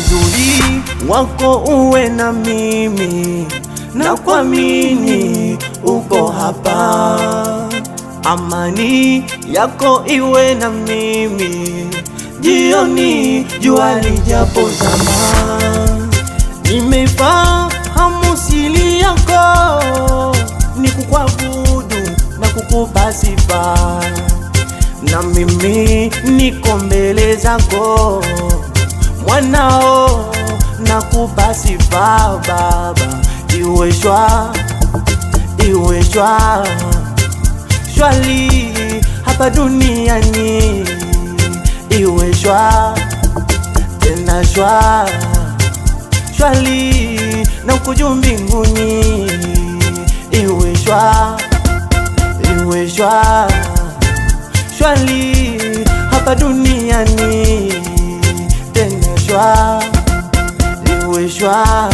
uzuri wako uwe na mimi na kwa uko hapa, amani yako iwe na mimi jioni jua lijapozama. Nimefahamu siri yako ni kukwabudu na kukubasifa, na mimi niko mbele zako mwanao na kubasi baba, iwe shwa iwe shwa shwali hapa duniani, iwe shwa tena shwa shwali na ukuju mbinguni, iwe shwa iwe shwa shwali hapa duniani choix, les jouets choix,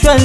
choix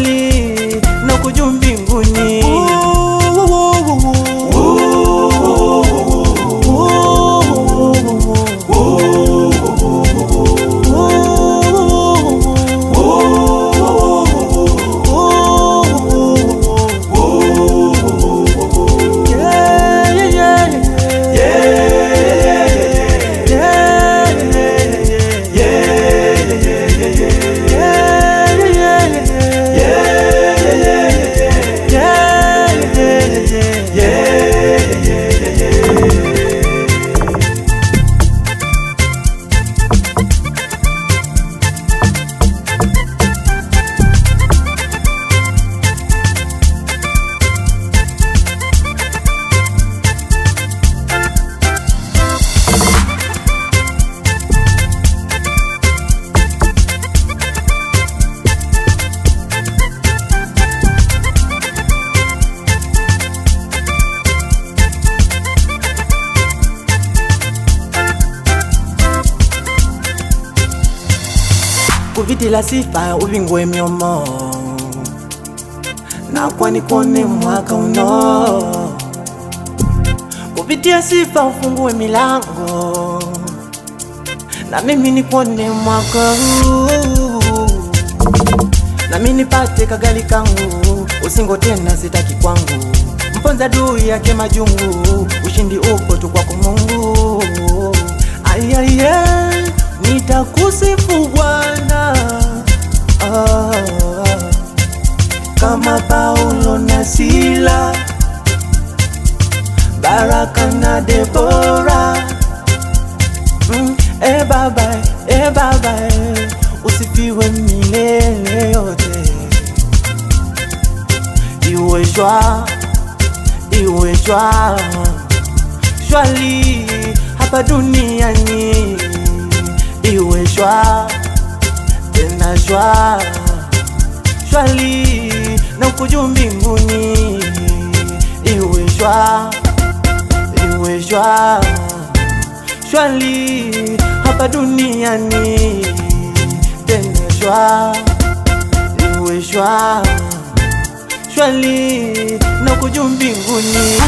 Uvite la sifa uvingwe myomo na kone mwaka uno kupitia sifa ufungue milango na mimi nikone mwaka huu na mimi nipate kagali kangu usingo tena sitaki kwangu mponza dui yake majungu ushindi upo tu kwako Mungu ayaya nitakusifu na Debora. Mm, e baba, e baba, eh. usifiwe milele yote. Iwe jwa, iwe jwa, shwali hapa duniani. Iwe jwa, tena jwa, shwali na ukujuu mbinguni. Iwe jwa umejwa shwali hapa duniani tena shwa umejwa shwali na kuju mbinguni